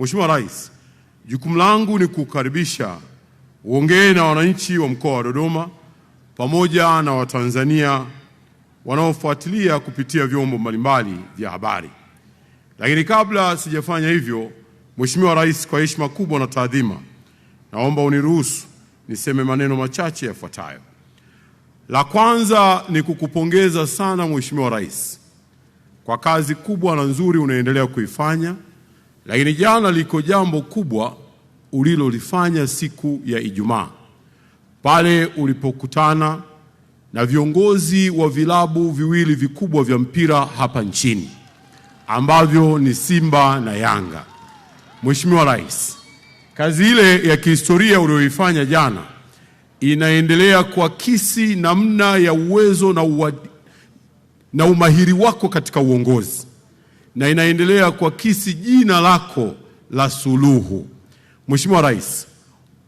Mheshimiwa Rais, jukumu langu ni kukaribisha uongee na wananchi wa mkoa wa Dodoma pamoja na Watanzania wanaofuatilia kupitia vyombo mbalimbali vya habari. Lakini kabla sijafanya hivyo, Mheshimiwa Rais, kwa heshima kubwa na taadhima, naomba uniruhusu niseme maneno machache yafuatayo. La kwanza ni kukupongeza sana Mheshimiwa Rais kwa kazi kubwa na nzuri unaendelea kuifanya lakini jana liko jambo kubwa ulilolifanya siku ya Ijumaa pale ulipokutana na viongozi wa vilabu viwili vikubwa vya mpira hapa nchini ambavyo ni Simba na Yanga. Mheshimiwa Rais, kazi ile ya kihistoria uliyoifanya jana inaendelea kuakisi namna ya uwezo na, uwa, na umahiri wako katika uongozi na inaendelea kuakisi jina lako la suluhu. Mheshimiwa Rais,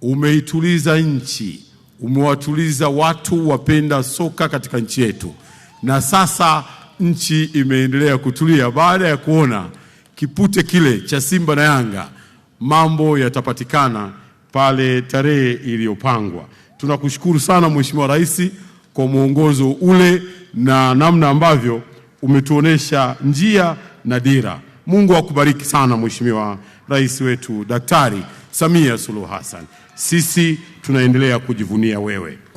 umeituliza nchi, umewatuliza watu wapenda soka katika nchi yetu, na sasa nchi imeendelea kutulia baada ya kuona kipute kile cha Simba na Yanga. Mambo yatapatikana pale tarehe iliyopangwa. Tunakushukuru sana Mheshimiwa Rais kwa mwongozo ule na namna ambavyo umetuonesha njia na dira. Mungu akubariki sana Mheshimiwa Rais wetu Daktari Samia Suluhu Hassan. Sisi tunaendelea kujivunia wewe.